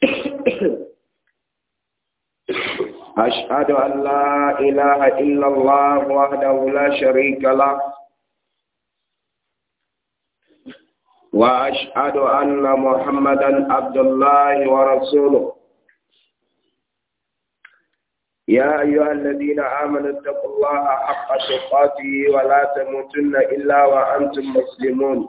أشهد أن لا إله إلا الله وحده لا شريك له وأشهد أن محمدا عبد الله ورسوله يا أيها الذين آمنوا اتقوا الله حق تقاته ولا تموتن إلا وأنتم مسلمون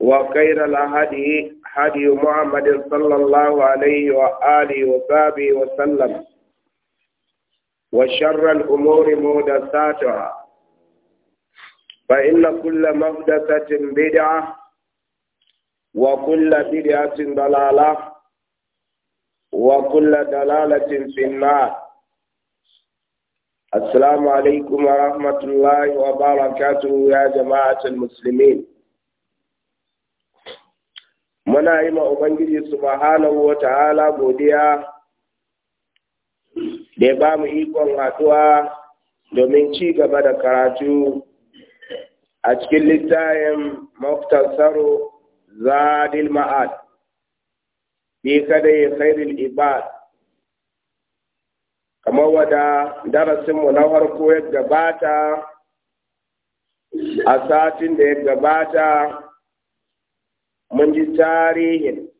وخير الهدي هدي محمد صلى الله عليه وآله وصحبه وسلم وشر الأمور محدثاتها فإن كل محدثة بدعة وكل بدعة ضلالة وكل دلالة في النار السلام عليكم ورحمة الله وبركاته يا جماعة المسلمين muna yi ma Ubangiji subhanahu wata ta'ala godiya da ba mu ikon haɗuwa domin ci gaba da karatu a cikin littayin maftasaro zadil ma'ad bi kada ya khairul ibad kamar wada darasinmu na farko ya gabata a satin da ya gabata mun ji tarihin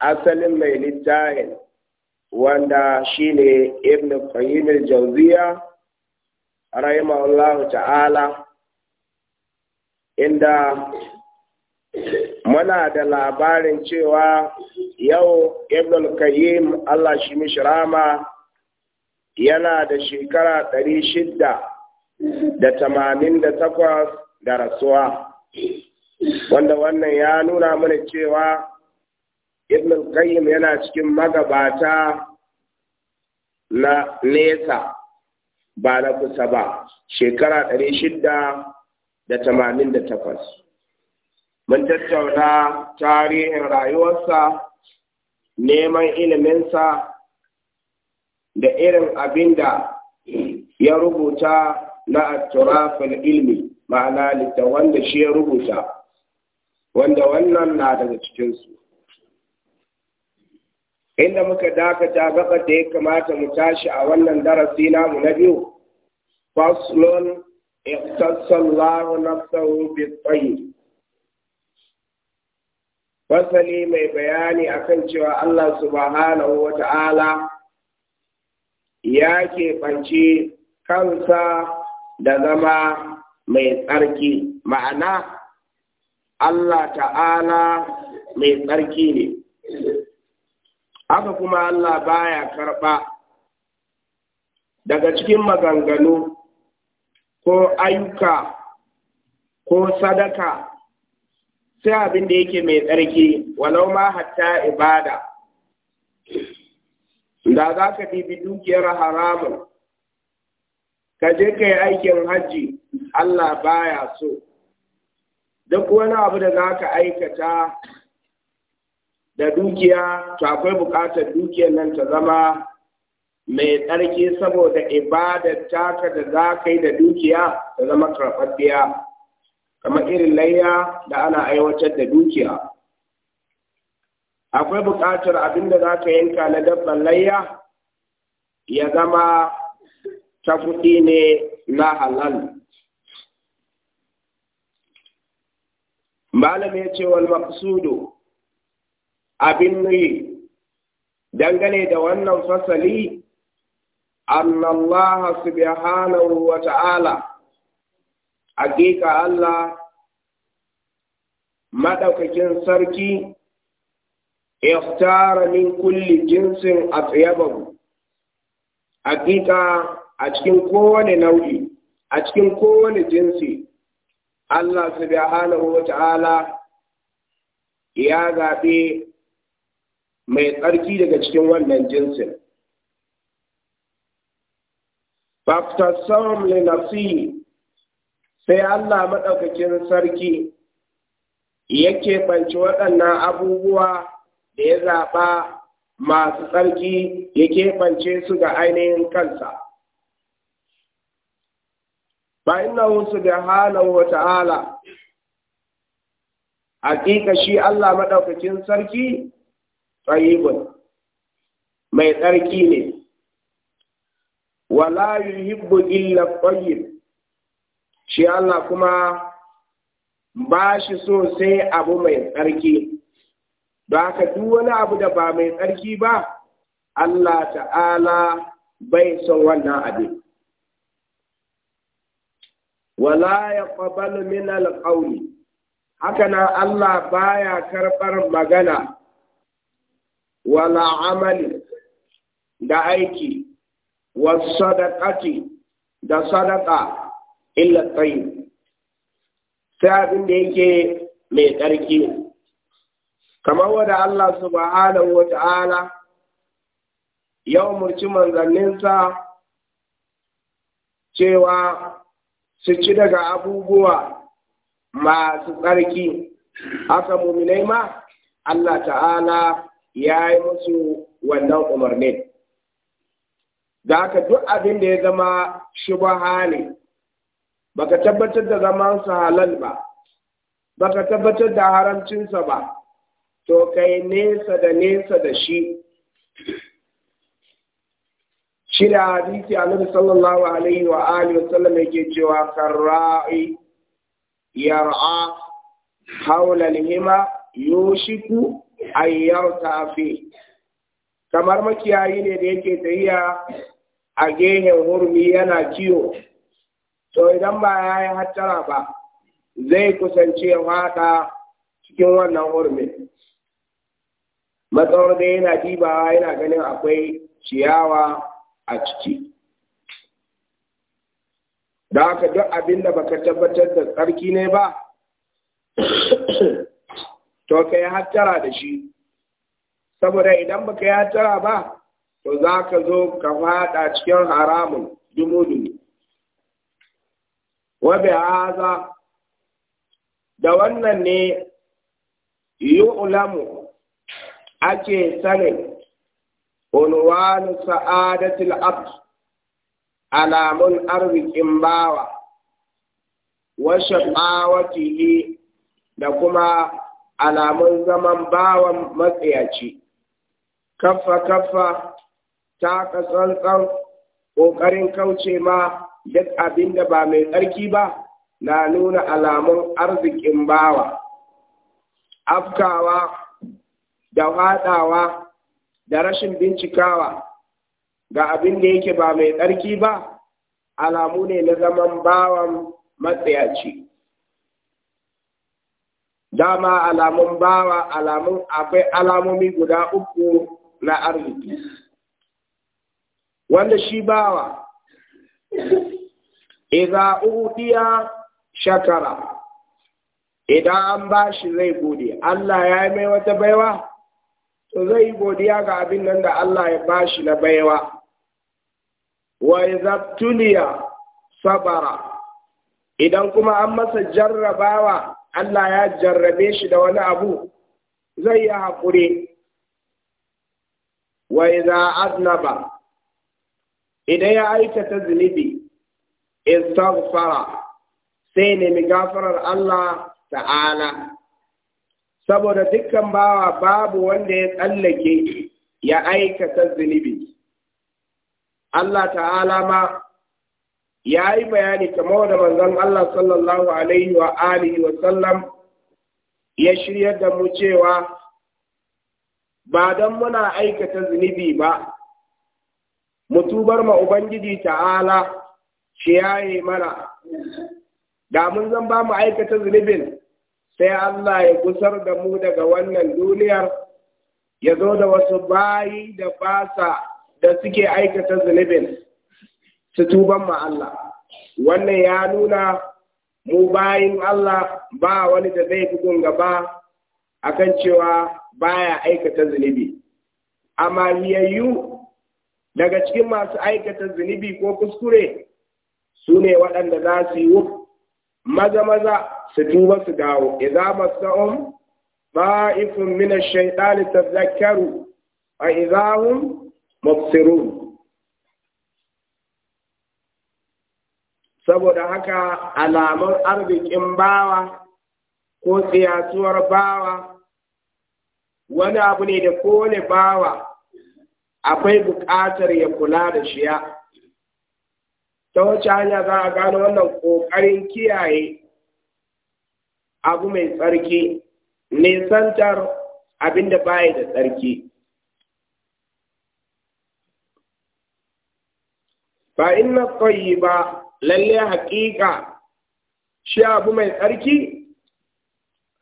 asalin mai littafin wanda shi ne ibn qayyim jawziya rahimahullahu ta'ala inda muna da labarin cewa yau ibn al-qayyim Allah shi rama yana da shekara ɗari shida da tamanin da takwas da rasuwa wanda wannan ya nuna mana cewa ibn qayyim yana cikin magabata na nesa ba na kusa ba shekara ɗari shida mun tattauna tarihin rayuwarsa neman iliminsa da irin abinda ya rubuta na al ilmi ma'ana da wanda shi ya rubuta wanda wannan na daga cikinsu inda muka dakata gaba da ya kamata mu tashi a wannan darasi namu na biyu faslon ikhtasallahu na tsawon tayyib fasali mai bayani akan cewa Allah subhanahu wa ta'ala ya keɓance kansa da zama mai tsarki ma'ana Allah ta'ala mai tsarki ne haka kuma Allah baya karɓa daga cikin maganganu ko ayyuka ko sadaka sai abin da yake mai tsarki walau ma hatta ibada da za ka bibi dukiyar haramun ka je ka yi aikin hajji Allah baya so duk wani abu da za ka aikata da dukiya to akwai buƙatar dukiyar nan ta zama mai tsarki saboda ibadar taka da za ka yi da dukiya ta zama karfafiya kamar irin layya da ana aiwatar da dukiya akwai buƙatar abin da za ka yanka na dabban layya ya zama ta kuɗi ne na halal malam ya ce wal maqsudu abin nuyi dangane da wannan fasali allaha subhanahu wa ta'ala hakika Allah maɗaukakin sarki ikhtara min kulli jinsin atyabahu hakika a cikin kowane nau'i a cikin kowane jinsi Allah subhanahu wa ta'ala ya zaɓe mai tsarki daga cikin wannan jinsin. Baftasom Linafi sai Allah maɗaukakin sarki yake banci waɗannan abubuwa da ya zaɓa masu tsarki ya keɓance su ga ainihin kansa. fa innahu subhanahu wa ta'ala hakika shi Allah madaukakin sarki tayyibun mai tsarki ne wala yuhibbu illa tayyib shi Allah kuma bashi shi so sai abu mai tsarki ba ka duk wani abu da ba mai tsarki ba Allah ta'ala bai son wannan abin wala ya ƙwabalu min alƙauli haka nan Allah baya karɓar magana wala amali da aiki wa sadakati da sadaka illa tsayi, sai abin da yake mai tsarki kamar wanda Allah subhanahu wa ta'ala ya umarci manzanninsa cewa su ci daga abubuwa masu tsarki haka muminai ma Allah ta'ala ya yi musu wannan umarnin da haka duk abin da ya zama shi ne baka tabbatar da zamansa halal ba baka tabbatar da haramcinsa ba to kai nesa da nesa da shi shi da hadisi annabi sallallahu alaihi wa alihi wa sallam yake cewa karra'i yar'a haula lihima yushiku an fi kamar makiyayi ne da yake tafiya a gehen hurmi yana kiyo to idan ba ya yi hattara ba zai kusance ya cikin wannan hurmin matsawar da yana dibawa yana ganin akwai ciyawa a ciki da haka duk abin da baka tabbatar da tsarki ne ba to ka yi hattara da shi saboda idan baka yi hattara ba to za ka zo ka fada cikin haramun dumu wabe haza da wannan ne yi ulamu ake sanin unwanu sa'adatil abd alamun arzikin bawa wa shaqawatihi da kuma alamun zaman bawan matsayaci kaffa kaffa ta tsantsan ƙoƙarin kauce ma duk abin da ba mai tsarki ba na nuna alamun arzikin bawa afkawa da faɗawa. da rashin bincikawa ga abin da yake ba mai tsarki ba alamu ne na zaman bawan matsayaci dama alamun bawa alamun akwai alamomi guda uku na arziki wanda shi bawa iza uhudiya shakara idan an ba shi zai gode Allah ya yi mai wata baiwa to zai yi godiya ga abin nan da Allah ya bashi na baiwa wa izabtuliya sabara idan kuma an masa jarrabawa Allah ya jarrabe shi da wani abu zai yi haƙuri wa idza aznaba idan ya aikata zunubi istaghfara sai nemi gafarar Allah ta'ala saboda dukkan bawa babu wanda ya tsallake ya aikata zunubi Allah ta'ala ma ya yi bayani kamar da manzon Allah sallallahu alaihi wa alihi wa sallam ya shirya da mu cewa ba don muna aikata zunubi ba mutubar ma Ubangiji ta'ala shi yaye mana, da mun zan ba mu aikata zunubin, sai Allah ya gusar da mu daga wannan duniyar ya zo da wasu bayi da basa da suke aikata zunubin su tuban ma Allah wannan ya nuna mu bayin Allah ba wani da zai bugun gaba akan cewa baya aikata zunubi amma yayyu daga cikin masu aikata zunubi ko kuskure su ne waɗanda za su yi maza maza su tuba su dawo idza masahum ba'ifun min ash-shaytani tadhakkaru a idza hum saboda haka alaman arzikin bawa ko tsiyatuwar bawa wani abu ne da kowane bawa akwai buƙatar ya kula da shiya ta wace hanya za a gano wannan ƙoƙarin kiyaye abu mai tsarki nisantar abin da baya da tsarki Ba ina inna ba lalle haƙiƙa shi abu mai tsarki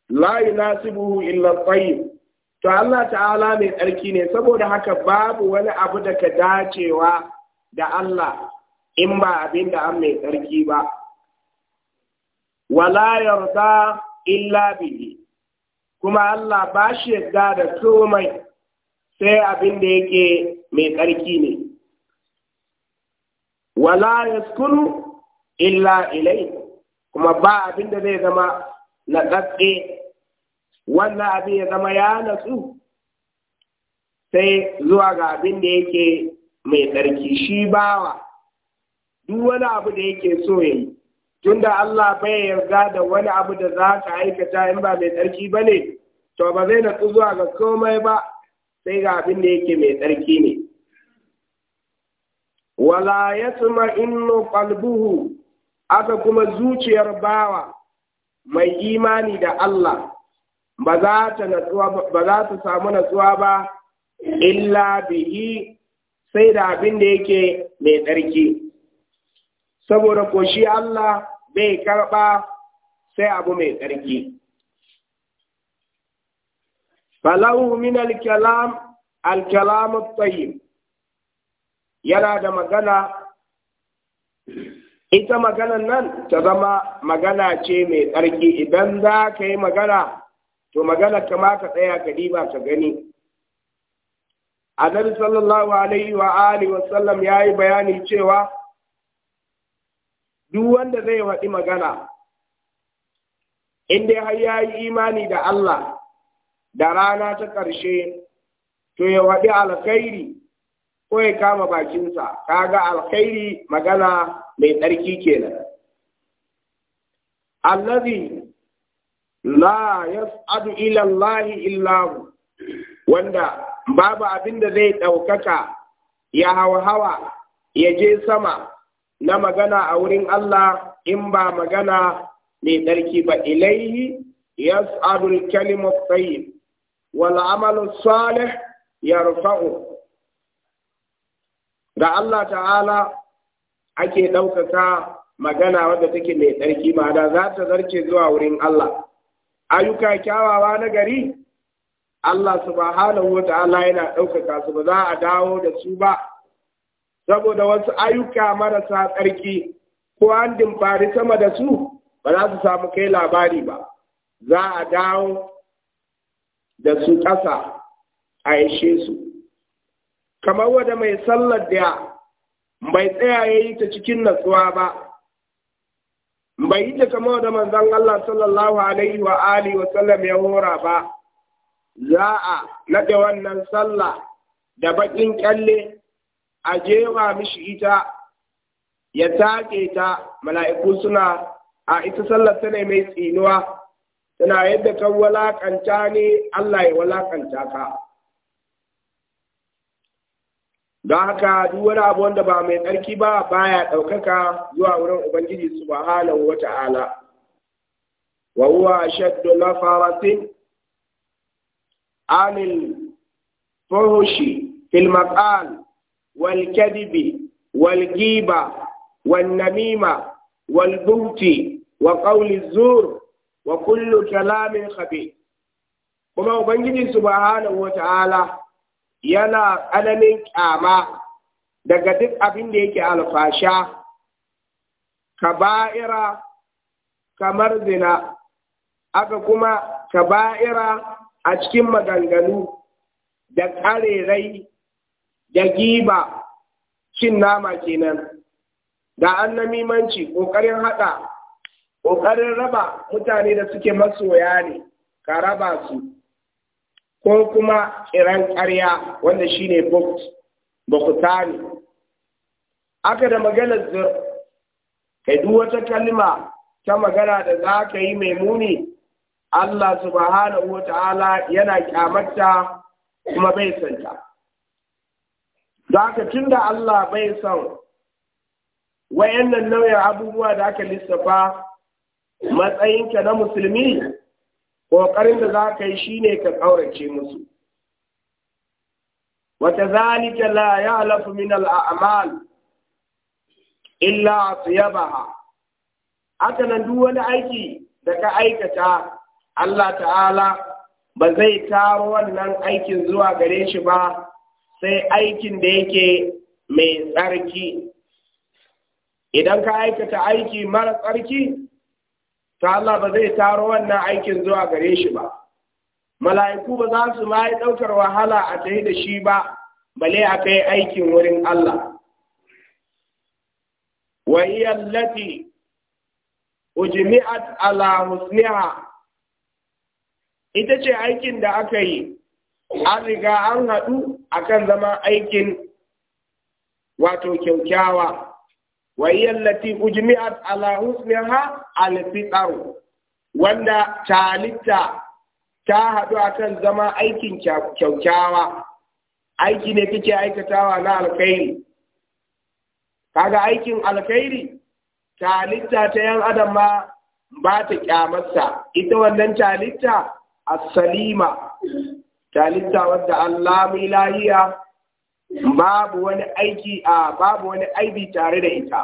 la yunasibuhu illa tayyib to Allah ta'ala mai tsarki ne saboda haka babu wani abu da ka dacewa da Allah in ba abin da an mai tsarki ba wala yarda illa bihi kuma Allah ba shi yadda da komai sai abin da yake mai tsarki ne wala yaskunu illa ilai kuma ba abin da zai zama na tsatse wannan abin ya zama ya natsu sai zuwa ga abin da yake mai tsarki shi bawa duk wani abu da yake so yayi tunda Allah bai yarda da wani abu da za ka aikata in ba mai tsarki ba ne, to ba zai natsu zuwa ga komai ba sai ga abin da yake mai tsarki ne. Wala ya tsuma inno kwalbuhu aka kuma zuciyar bawa mai imani da Allah ba za ta samu natsuwa ba illa bihi sai da abin da yake mai tsarki. saboda ko Allah bai karɓa sai abu mai tsarki. Falahu min al-kalam al yana da magana ita magana nan ta zama magana ce mai tsarki idan za ka yi magana to magana kama ka tsaya ka diba ka gani annabi sallallahu alaihi wa alihi wa sallam yayi bayani cewa duk wanda zai faɗi magana inda har ya yi imani da Allah da rana ta ƙarshe to ya faɗi alkhairi ko ya kama bakinsa kaga alkhairi magana mai tsarki kenan allazi la yas'adu ila Allah illa wanda babu abin da zai ɗaukaka ya hawa hawa ya je sama na magana a wurin Allah in ba magana mai ɗarki ba ilaihi yas'adul kalimu tayyib wal amalu salih yarfa'u ga Allah ta'ala ake ɗaukaka magana wadda take mai tsarki da za ta zarce zuwa wurin Allah ayyuka kyawawa na gari Allah subhanahu wa ta'ala yana ɗaukaka su ba za a dawo da su ba saboda wasu ayyuka marasa tsarki ko an dimfari sama da su ba za su samu kai labari ba za a dawo da su ƙasa a yashe su kamar wada mai sallar da bai tsaya ya yi ta cikin natsuwa ba bai yi ta kamar da manzon Allah sallallahu alaihi wa alihi wa sallam ya hora ba za a naɗe wannan sallah da baƙin ƙyalle a jewa mishi ita ya take ta mala'iku suna a ita sallar ta ne mai tsinuwa tana yadda kan walakanta ne Allah ya walakanta ka don haka duk wani abu wanda ba mai tsarki ba baya ɗaukaka zuwa wurin ubangiji subhanahu wata ala, wa huwa shaddu mafaratin anil fuhushi fil maqal والكذب والغيبة والنميمة والبهت وقول الزور وكل كلام خبيث kuma Ubangiji subhanahu wa ta'ala yana ƙananin kyama daga duk abin da yake alfasha, kaba'ira kamar zina, aka kuma kaba'ira a cikin maganganu da ƙarerai da giba cin nama kenan da namimanci ƙoƙarin haɗa ƙoƙarin raba mutane da suke masoya ne ka raba su ko kuma tsiran ƙarya wanda shine bukuta ne aka da maganar zur ka duk wata kalma ta magana da za ka yi mai muni Allah subhanahu wa ta'ala yana kyamata kuma bai santa. da haka tun da Allah bai son wayannan nauyin abubuwa da aka lissafa matsayinka na musulmi, ƙoƙarin da za ka yi shi ne ka ƙaurace musu. Wata zalika la ya halafu min al'amal, illa su yaba aka nan duk wani aiki da ka aikata Allah ta'ala ba zai taro wannan aikin zuwa gare shi ba sai aikin da yake mai tsarki idan ka aikata aiki mara tsarki ta Allah ba zai taro wannan aikin zuwa gare shi ba mala'iku ba za su ma yi ɗaukar wahala a tafi da shi ba bale a kai aikin wurin Allah wa hiya allati ujmi'at ala musliha ita ce aikin da aka yi an riga an haɗu akan zama aikin wato kyaukyawa wayyar lati ujmi'at ala husniha alfitar wanda talitta ta haɗu akan zama aikin kyaukyawa aiki ne kike aikatawa na alkhairi kaga aikin alkhairi talitta ta yan adam ma ba ta kyamarsa ita wannan talitta a salima Talitta wadda Allah mai lahiya babu wani aiki a babu wani aibi tare da ita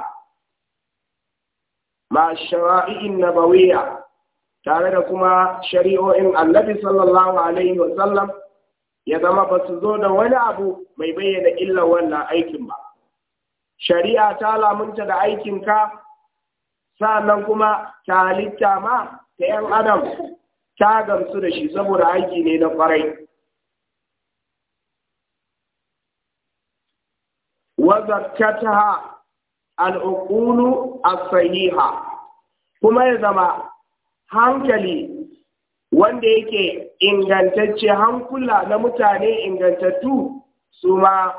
ma shara'i'in nabawiyya tare da kuma shari'o'in annabi sallallahu alaihi wa ya zama ba su zo da wani abu mai bayyana illa wannan aikin ba shari'a ta lamunta da aikinka sannan kuma talitta ma ta 'yan adam ta gamsu da shi saboda aiki ne na kwarai وزكتها as الصحيحة kuma ya zama hankali wanda yake ingantacce hankula na mutane ingantattu su ma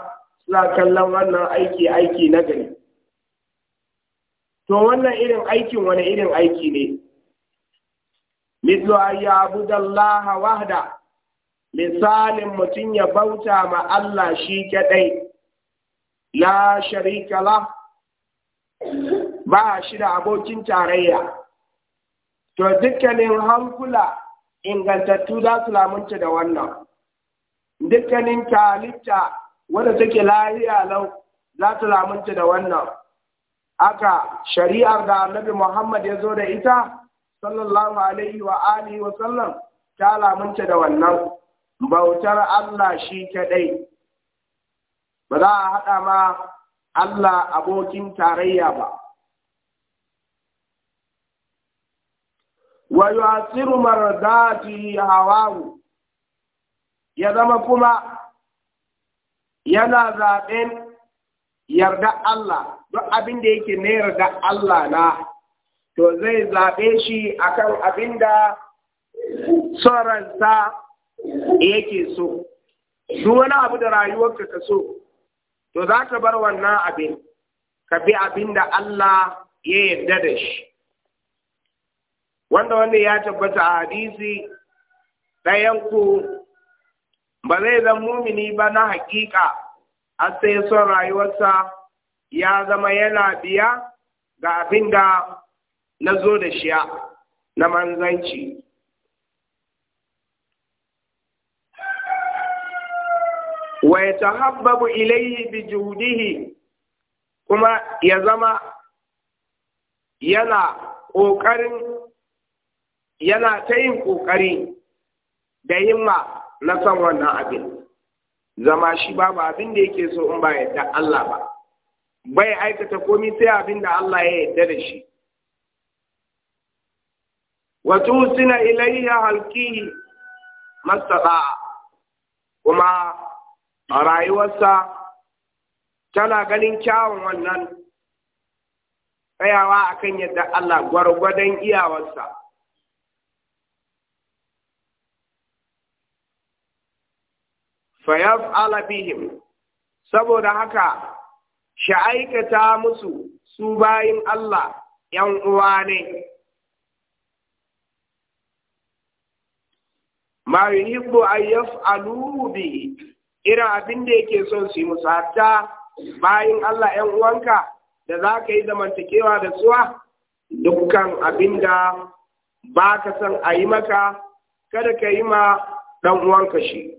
suna kallon wannan aiki aiki na gari to wannan irin aikin wani irin aiki ne mislu ayya abudallaha wahda misalin mutum ya bauta ma Allah shi kadai la sharika la ba shi da abokin tarayya to dukkanin hankula ingantattu za su lamunta da wannan dukkanin talitta wadda take lahiya lau za su lamunta da wannan aka shari'ar da annabi muhammad ya zo da ita sallallahu alaihi wa alihi wa sallam ta lamunta da wannan bautar allah shi kadai ba za a haɗa ma Allah abokin tarayya ba. Wa a mardati hawawu ya zama kuma yana zaɓen yarda Allah, duk abin da yake na yarda Allah na, to zai zaɓe shi akan abin da tsoronsa yake so. Duk wani abu da rayuwarka ka so, to za ta bar wannan abin ka bi abin da Allah ya yarda da shi wanda wanda ya tabbata a hadisi ɗayan ku ba zai zan mumini ba na hakika a sai son rayuwarsa ya zama yana biya ga abin da na zo da shiya na manzanci wa yatahabbabu ilayhi bi juhdihi kuma ya zama yana ƙoƙarin yana ta yin ƙoƙari da himma na son wannan abin zama shi babu abin da yake so in ba yadda Allah ba bai aikata komi sai abin da Allah ya yarda da shi wa tusina ilayya halqihi mastata kuma a rayuwarsa tana ganin kyawun wannan tsayawa a kan yadda Allah gwargwadon iyawarsa. Fayaf alabihim, saboda haka sha'aikata musu su bayin Allah ‘yan uwa ne. Ma yuhibbu an yaf'alu bihi irin abin da yake son su yi musu hatta bayan Allah ‘yan uwanka da za ka yi zamantakewa da suwa dukkan abin da ba ka son a yi maka kada ka yi ma ɗan uwanka shi.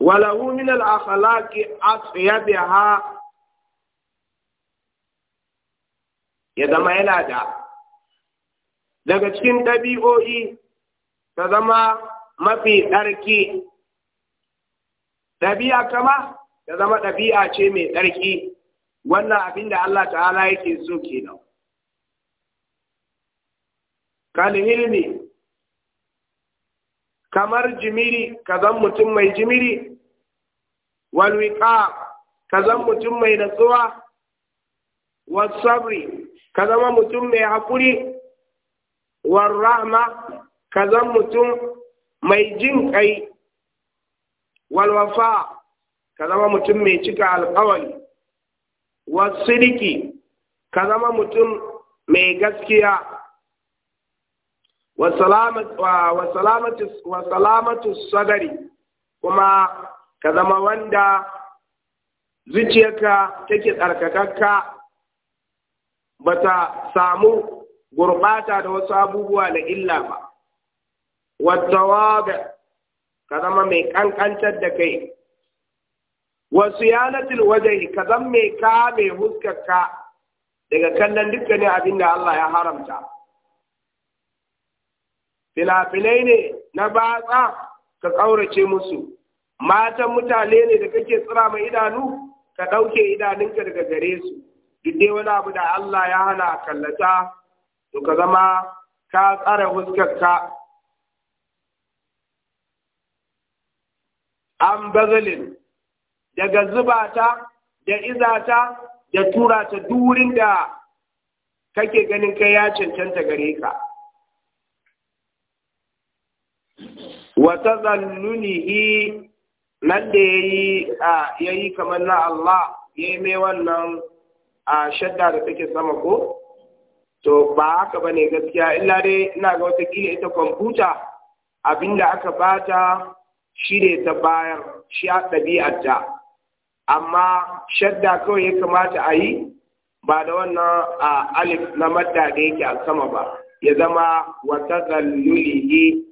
Walahu min al-akhlaqi atyabiha ya zama yana da daga cikin ɗabi'o'i ta zama mafi ɗarki ɗabi'a kama ta zama ɗabi'a ce mai ɗarki wannan abin da Allah ta'ala yake so kenan kalhilmi kamar jimiri ka zan mutum mai jimiri walwika, ka zan mutum mai natsuwa wasabri ka zama mutum mai haƙuri war rahma Kazan mutum mai jin kai walwafa ka zama mutum mai cika alkawari wasiriki ka zama mutum mai gaskiya wa salamatu sadari kuma ka zama wanda zuciyarka take tsarkakakka ba ta samu gurbata da wasu abubuwa da illa ba والتواضع كذا مي كان كان تدكي وصيانة الوجه كذا مي كامي هزكك daga kallon dukkanin abinda Allah ya haramta. Filafilai ne na batsa ka ƙaurace musu, matan mutane ne da kake tsira mai idanu ka ɗauke idanunka daga gare su, duk wani abu da Allah ya hana kallata, to ka zama ka tsara huskarka an bazalin daga zuba ta da izata da tura ta durin da kake ganin kai ya cancanta gare ka wata zannunihi nan da ya yi kamar na Allah ya yi mai wannan a shadda da take sama ko to ba haka ba ne gaskiya illa dai ina ga watakila ita kwamfuta abinda aka bata shi ne ta bayar shi a ɗabi'arta amma shadda kawai ya kamata a yi ba da wannan a alif na madda da yake a sama ba ya zama wata zallulihi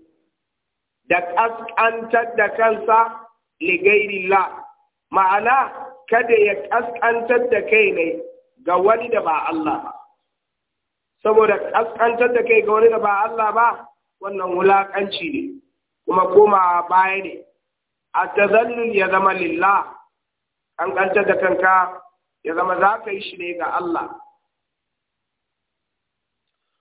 da ƙasƙantar da kansa ligairila ma'ana kada ya ƙasƙantar da kai ne ga wani da ba Allah ba saboda ƙasƙantar da kai ga wani da ba Allah ba wannan wulaƙanci ne kuma koma baya ne a tazallul ya zama lillah an da kanka ya zama za ka yi shi ne ga Allah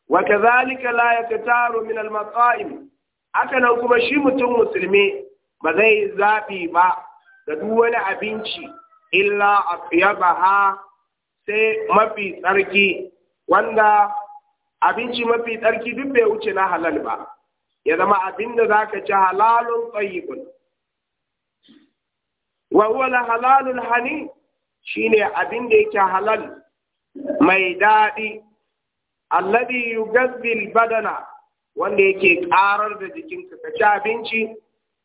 wa kazalika la yaktaru min al maqaim haka nan kuma shi mutum musulmi ba zai zabi ba da duk wani abinci illa afyabaha sai mafi tsarki wanda abinci mafi tsarki duk bai wuce na halal ba ya zama abin da za ka ci halalun tsayibun wa halalun halalul hani shine abin da yake halal mai daɗi alladhi yugazzil badana wanda yake ƙarar da jikinka ka ci abinci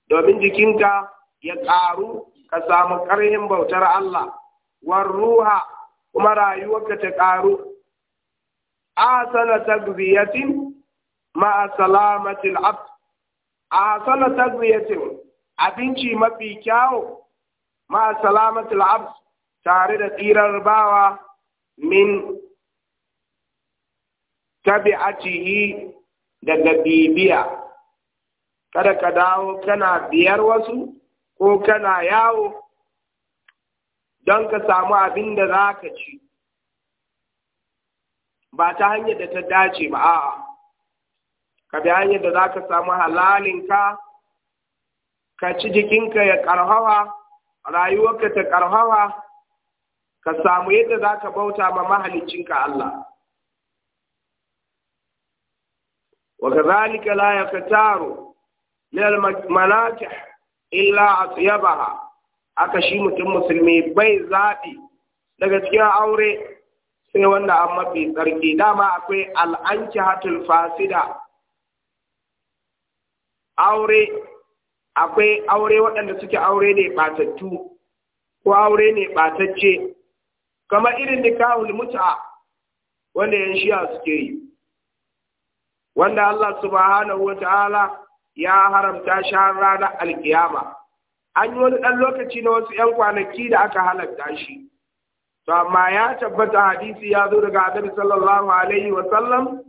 domin jikinka ya ƙaru ka samu ƙarhin bautar Allah war ruha kuma rayuwarka ta ƙaru asana tagbiyatin ma'a salamatil abd a hasala tagwiyatin abinci mafi kyawu ma'a salamatil abd tare da tsirar bawa min tabi'atihi daga bibiya kada ka dawo kana biyar wasu ko kana yawo don ka samu abin da za ka ci ba ta hanyar da ta dace ba a'a ka bi hanyar da za ka samu halalinka ka ci jikinka ya karhawa rayuwarka ta karhawa ka samu yadda za ka bauta ma mahalicinka Allah wa kazalika la yaktaru min al-manakih illa atyabaha aka shi mutum musulmi bai zaɓi daga cikin aure sai wanda an mafi tsarki dama akwai al'anki hatul fasida aure akwai aure waɗanda suke aure ne ɓatattu ko aure ne ɓatacce kamar irin da kawul mut'a wanda yan shiya suke yi wanda Allah subhanahu wa ta'ala ya haramta shi ranar alkiyama an yi wani ɗan lokaci na wasu ‘yan kwanaki da aka halatta shi to amma ya tabbata hadisi ya zo daga annabi sallallahu alaihi wa sallam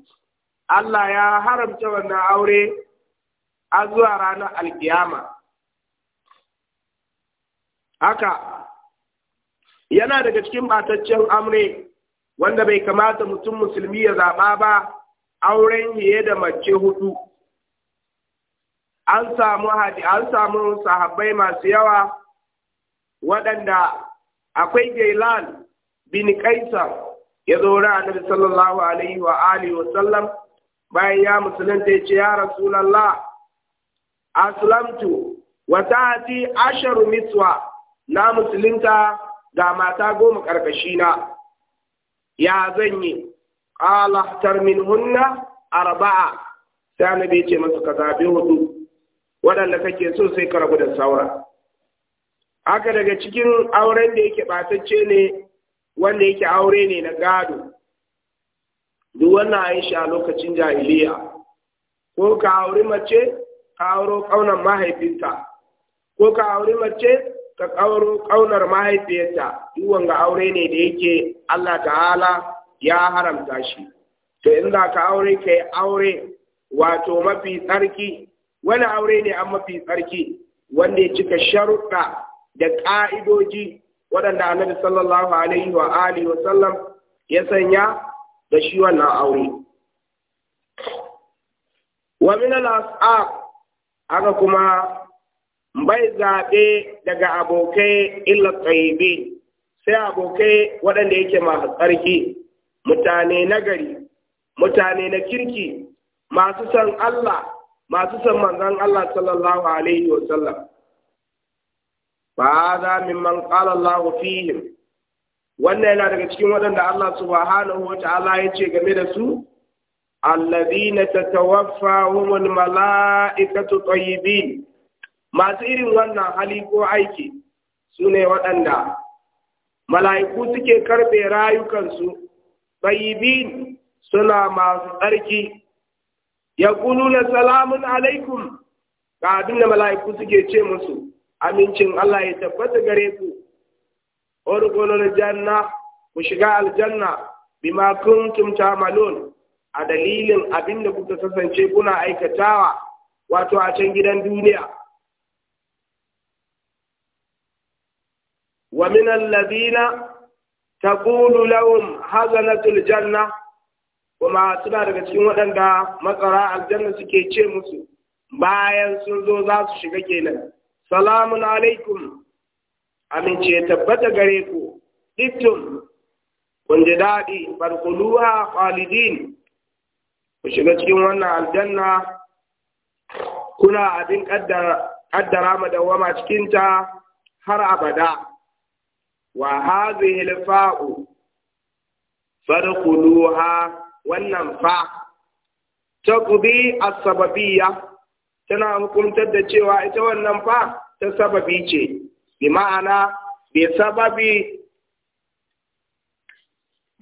Allah ya haramta wannan aure a zuwa ranar alkiyama haka yana daga cikin mataccen amre wanda bai kamata mutum musulmi ya zaɓa ba auren hiye da mace hudu an samu an samu sahabbai masu yawa waɗanda akwai gailan bin kaisa ya zo ra annabi sallallahu alaihi wa alihi wa sallam bayan ya musulunta ya ce ya rasulallah aslamtu wa Ashar asharu miswa na musulunta ga mata goma karkashi na ya zan yi qala min hunna arba'a sai annabi ce masa ka hudu waɗanda kake so sai ka rabu da saura haka daga cikin auren da yake batacce ne wanda yake aure ne na gado duk wannan aisha lokacin jahiliya ko ka auri mace ka auro ƙaunar mahaifinta ko ka aure mace ka ƙauro ƙaunar mahaifiyarta duk wanga aure ne da yake Allah ta'ala ya haramta shi to in za ka aure ka yi aure wato mafi tsarki wani aure ne an mafi tsarki wanda ya cika sharuɗa da ƙa'idoji waɗanda annabi sallallahu alaihi wa alihi wa sallam ya sanya da shi wannan aure wa min haka kuma bai zaɓe daga abokai illa tsayibi sai abokai waɗanda yake masu tsarki mutane na gari, mutane na kirki masu san Allah masu san manzan Allah sallallahu alaihi wasallam Ba za mimman Allah fihim wannan yana daga cikin waɗanda Allah subhanahu wa ta'ala ya ce game da su alladhina tatawaffahumul mala'ikatu tayyibin masu irin wannan hali ko aiki su ne waɗanda mala'iku suke karɓe rayukansu tayyibin suna masu tsarki ya na salamun alaikum ga abin da mala'iku suke ce musu amincin Allah ya tabbata gare ku urqulul janna ku shiga aljanna bima kuntum malon. a dalilin abin da kuka kasance kuna aikatawa wato a can gidan duniya wa min allazina taqulu lahum hazanatul janna kuma suna daga cikin waɗanda matsara aljanna suke ce musu bayan sun zo za su shiga kenan salamun alaikum amince tabbata gare ku ittum kun ji daɗi farkuluwa, kwalidin. ku shiga cikin wannan aljanna kuna abin kaddara cikin cikinta har abada wa hazihi lfa'u fadkhuluha wannan fa taqbi as tana hukuntar da cewa ita wannan fa ta sababi ce bi ma'ana bi sababi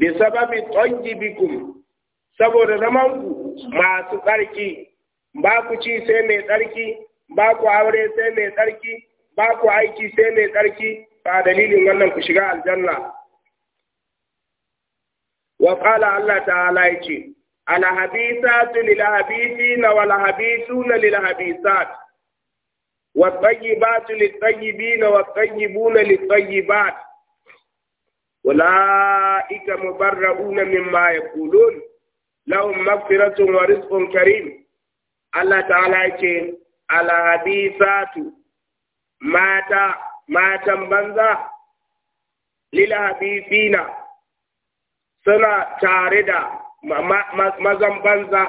bi sababi tajibikum saboda zamanku masu tsarki ba ku ci sai mai tsarki ba ku aure sai mai tsarki ba ku aiki sai mai tsarki ba dalilin wannan ku shiga aljanna wa qala Allah ta'ala yace al habisatu lil habisina wal habisuna lil habisat wa tayyibatu lit tayyibina wa tayyibuna lit tayyibat ulaika mubarrauna mimma yaqulun lahum maghfiratun wa rizqun karim Allah ta'ala yake alhadisatu mata matan banza lila hadisina suna tare da mazan banza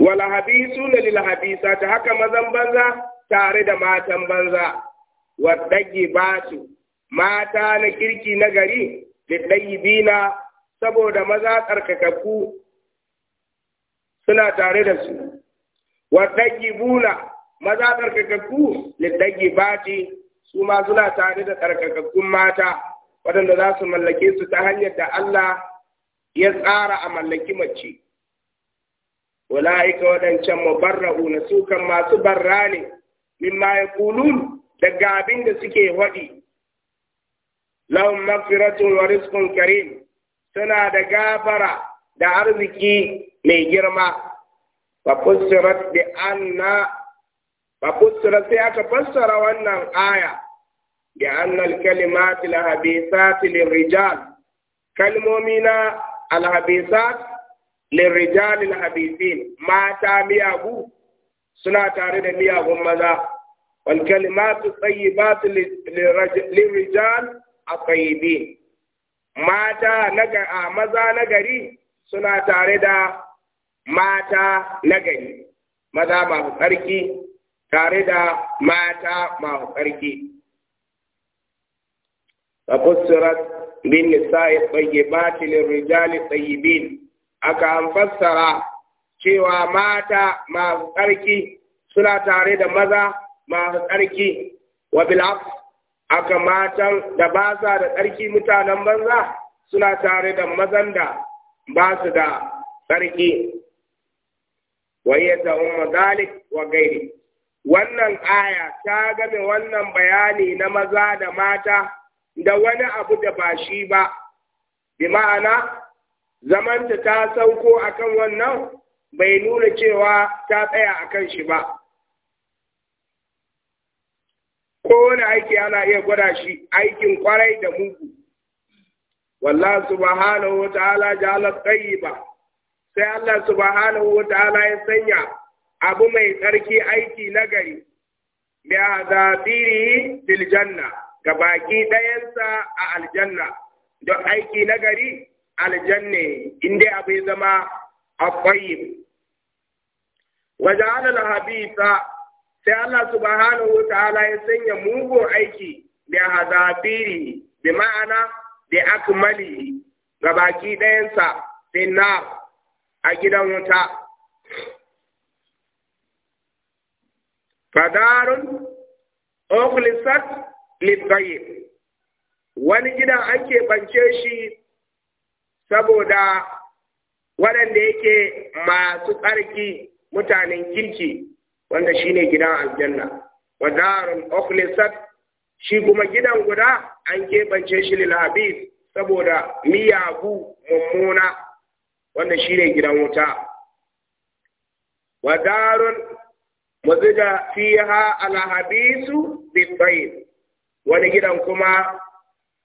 wala habisu na lil haka mazan banza tare da matan banza wa ba batu mata na kirki na gari da ɗayi bina saboda maza tsarkakakku suna tare da su wa bula maza tsarkakakku liddagi bati su ma suna tare da tsarkakakkun mata waɗanda za su mallake su ta hanyar da Allah ya tsara a mallaki mace aika waɗancan mubarra'u na sukan masu barra ne mimma ya kulun daga abin da suke waɗi lahum mafi wa rizqun karim suna da gafara da arziki mai girma ba fussirat sai aka fassara wannan aya da anna al kalimat al habisat lil rijal kalmomina al habisat lil rijal al habisin mata miyagu suna tare da miyagun maza wal kalimat tayyibat lirijal a at tayyibin mata na maza na gari suna tare da mata na gari maza masu tsarki tare da mata masu tsarki ففسرت بالنساء الطيبات للرجال الطيبين aka an fassara cewa mata masu tsarki suna tare da maza masu tsarki wa bil'aks aka matan da ba sa da tsarki mutanen banza suna tare da mazan da ba su da tsarki waye ta umma dalik wa gairi wannan aya ta game wannan bayani na maza da mata da wani abu da ba shi ba bi ma'ana zamanta ta sauko akan wannan bai nuna cewa ta tsaya akan shi ba Ko wani aiki ana iya gwada shi aikin kwarai da mugu wallah subhanahu wa ta'ala jala tayyiba sai Allah subhanahu wa ta'ala ya sanya abu mai tsarki aiki nagari da zafiri fil janna ga baki ɗayansa a aljanna don aiki nagari aljanne inda abu ya zama a tayyib wa ja'ala al-habitha sai Allah subhanahu wa ta'ala ya sanya mugun aiki da hazabiri bi ma'ana da akmali ga baki ɗayansa finna a gidan wuta fadarun ukhlisat litayyib wani gidan ake bance shi saboda waɗanda yake masu tsarki mutanen kirki wanda shine gidan aljanna wa darun shi kuma gidan guda an keɓance shi lil saboda miyagu mummuna wanda shine gidan wuta wa darun muzida fiha al habisu bi wani gidan kuma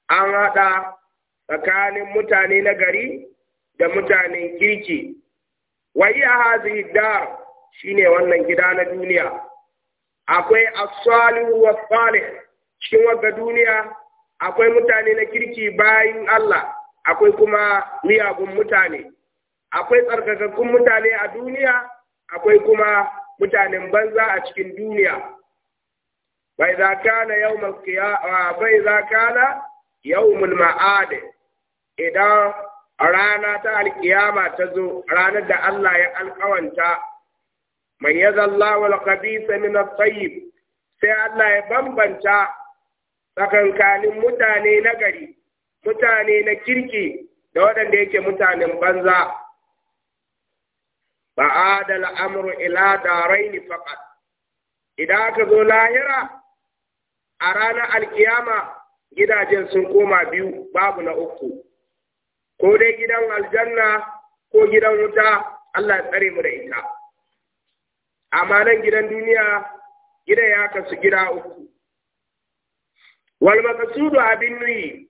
an haɗa tsakanin mutane na gari da mutanen kirki wa iya hazi dar shine wannan gida na duniya akwai as-salihu was-salih cikin duniya akwai mutane na kirki bayin Allah akwai kuma miyagun mutane akwai tsarkakakkun mutane a duniya akwai kuma mutanen banza a cikin duniya bai za ah, kana yawmul bai za kana idan rana ta alkiyama ta zo ranar da Allah ya alkawanta mayyaza Allahu al-khabitha min at-tayyib sai Allah ya bambanta tsakankanin mutane na gari mutane na kirki da waɗanda yake mutanen banza ba'ada al-amru ila daraini faqat idan aka zo lahira a ranar alkiyama gidajen sun koma biyu babu na uku ko dai gidan aljanna ko gidan wuta Allah ya tsare mu da ita amma nan gidan duniya gida ya kasu gida uku wal maqsudu abin nuyi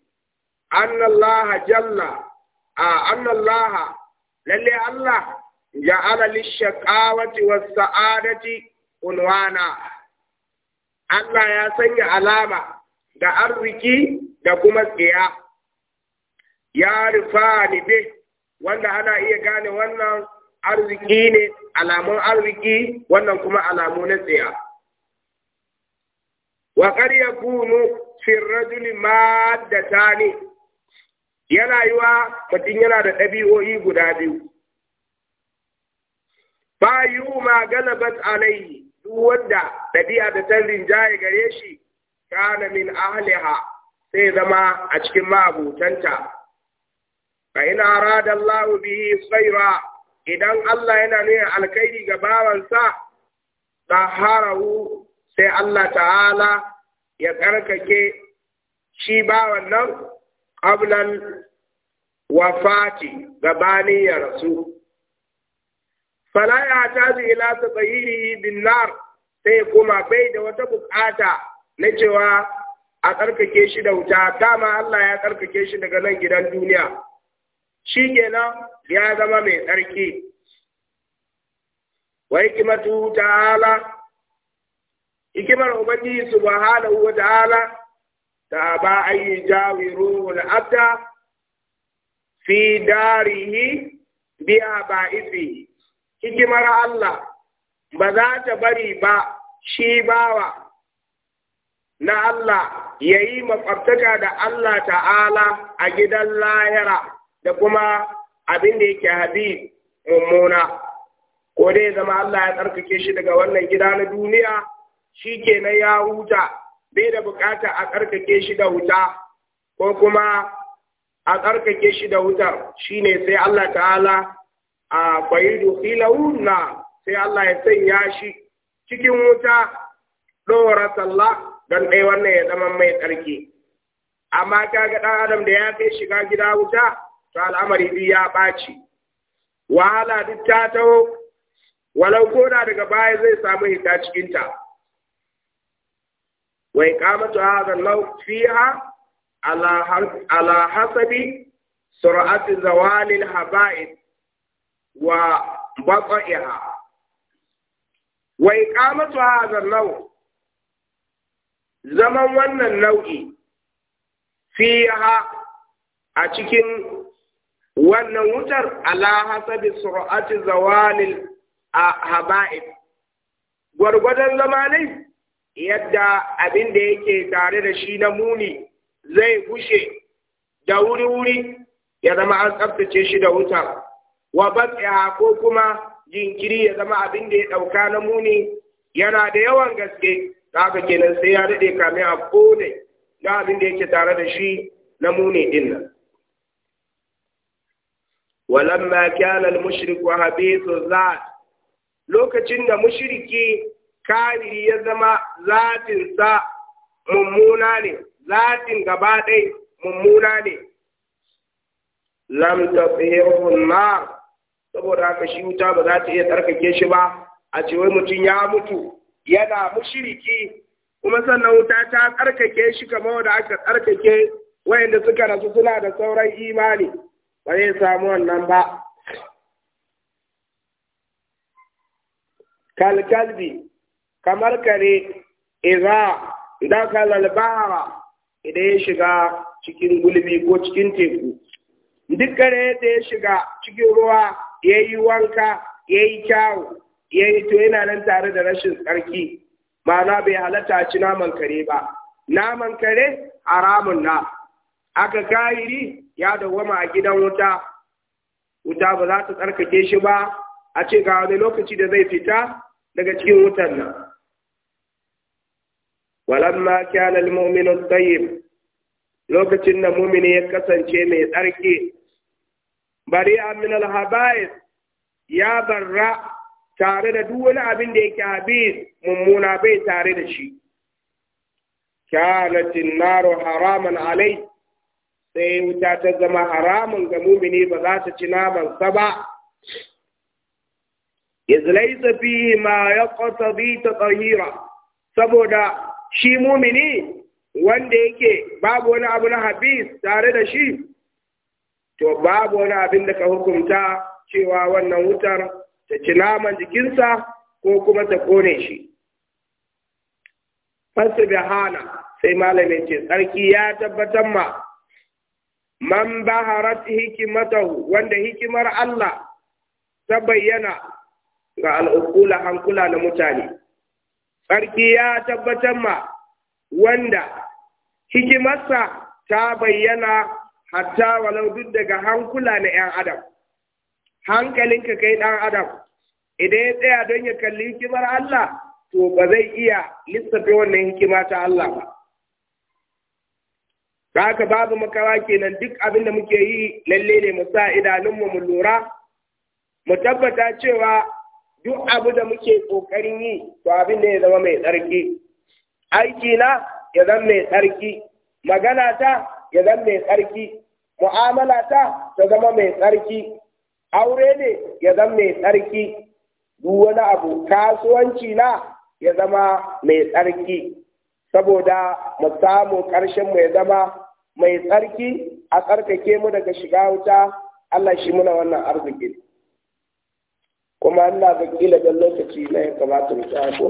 anna Allah jalla a anna Allah lalle Allah ja'ala lishaqawati wa sa'adati unwana Allah ya sanya alama da arziki da kuma tsiya ya rufa ni be wanda ana iya gane wannan arziki ne alamun arziki wannan kuma alamu na tsaya wa qad yakunu fi ar-rajuli maddatani yana yiwa mutum yana da ɗabi'o'i guda biyu ba yi ma galabat alayhi duk wanda ɗabi'a da ta rinjaye gare shi kana min ahliha sai zama a cikin ma'abutanta fa ina arada Allah bihi khaira idan Allah yana nuna alkhairi ga bawansa taharahu sai Allah ta'ala ya karkake shi bawan nan qablan wafati gabanin ya rasu fala ya tazi ila tsayiri bin sai kuma bai da wata bukata na cewa a tsarkake shi da wuta dama Allah ya tsarkake shi daga nan gidan duniya shi kenan ya zama mai tsarki wa hikimatu ta'ala hikimar ubangiji subhanahu wa ta'ala ta ba a yi da abda fi darihi biya ba isi hikimar Allah ba za ta bari ba shi bawa na Allah ya yi da Allah ta'ala a gidan lahira. da kuma abin da yake habib mummuna ko dai zama Allah ya tsarkake shi daga wannan gida na duniya shi kenan ya huta bai da bukata a tsarkake shi da wuta ko kuma a tsarkake shi da wutar ne sai Allah ta'ala a bayidu filahunna sai Allah ya san ya shi cikin wuta ɗora sallah don ɗaya wannan ya zama mai tsarki amma kaga ɗan adam da ya kai shiga gida wuta to al'amari bi ya ɓaci wahala duk ta taho walau koda daga baya zai samu hita ta? wai kamatu hadha law fiha ala ala hasabi sur'ati zawalil haba'id wa baqa'iha kama iqamatu hadha law zaman wannan nau'i fiha a cikin wannan wutar ala hasabi sur'ati zawalil habaib gwargwadon zama ne yadda abin da yake tare da shi na muni zai bushe da wuri-wuri ya zama an tsabtace shi da wuta wa batsiya ko kuma jinkiri ya zama abin da ya ɗauka na muni yana da yawan gaske haka kenan sai ya daɗe kamin a kone na abin da yake tare da shi na muni dinnan. walamma kana al wa Habisu za lokacin da mushriki kafiri ya zama zatin sa mummuna ne zatin gaba dai mummuna ne lam tafihu ma. saboda ka shi wuta ba za ta iya tsarkake shi ba a ce wai mutum ya mutu yana mushiriki kuma sannan wuta ta tsarkake shi kamar wanda aka tsarkake wayanda suka rasu suna da sauran imani ba zai samu wannan ba kalkalbi kamar kare iza kalal bawa idan ya shiga cikin gulbi ko cikin teku duk kare da ya shiga cikin ruwa ya yi wanka ya yi kyawu ya yi to yana nan tare da rashin tsarki ma'ana bai halatta ci naman kare ba naman kare haramun na aka kahiri ya dawwama a gidan wuta wuta ba za ta tsarkake shi ba a ce ga wani lokaci da zai fita daga cikin wutan nan walamma kana almu'minu tayyib lokacin da mumini ya kasance mai tsarki bari min alhabais ya barra tare da duk wani abin da yake habis mummuna bai tare da shi kanatin naru haraman alai sai wuta ta zama haramun ga mumini ba za ta ci naman sa ba ma ya fihi ma ta tatahira saboda shi mumini wanda yake babu wani abu na habis tare da shi to babu wani abin da ka hukunta cewa wannan wutar ta ci naman jikinsa ko kuma ta kone shi fasibihana sai malamin ce tsarki ya tabbatar ma man baharat hikimatahu wanda hikimar Allah ta bayyana ga al'ukula hankula na mutane sarki ya tabbatar ma wanda hikimarsa ta bayyana hatta walau duk daga hankula na ‘yan adam hankalinka kai ɗan adam idan ya tsaya don ya kalli hikimar Allah to ba zai iya lissafi wannan hikima ta Allah ba da haka babu makawa kenan duk abin da muke yi lalle ne mu sa idanunmu mu lura mu tabbata cewa duk abu da muke ƙoƙarin yi to abin da ya zama mai tsarki aiki na ya zama mai tsarki magana ta ya zama mai tsarki mu'amala ta ta zama mai tsarki aure ne ya zama mai tsarki duk wani abu kasuwanci na ya zama mai tsarki saboda mu samu ƙarshen mu ya zama mai tsarki a tsarkake mu daga shiga wuta Allah shi muna wannan arzikin kuma Allah ga kila da lokaci na ya kamata mu ta ko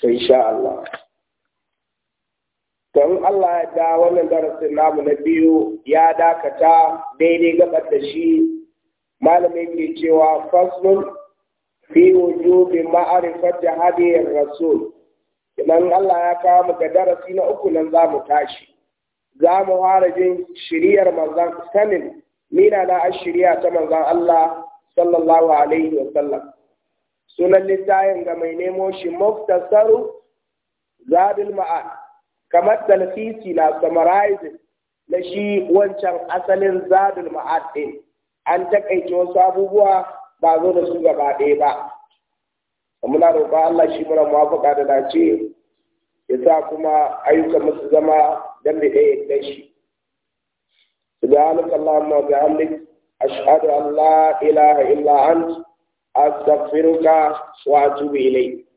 to insha Allah dan Allah ya da wannan darasin namu na biyu ya dakata daidai gabar da shi malamin ke cewa faslun fi wujubi ma'rifat hadiyar rasul idan Allah ya kawo mu ga darasi na uku nan za mu tashi za mu fara jin shiriyar manzan sanin nina na a shirya ta manzan Allah sallallahu alaihi wa sallam sunan littafin ga mai nemo shi muftasaru zabil ma'ad kamar talfisi na summarizing na shi wancan asalin zabil ma'ad din an takaice wasu abubuwa ba zo da su gaba ɗaya ba muna roƙa Allah shi muna muwafaƙa da dace ya sa kuma ayyuka musu zama dan da ɗaya da shi subhanaka allahumma wa a ashhadu an la ilaha illa ant astaghfiruka wa atubu ilayk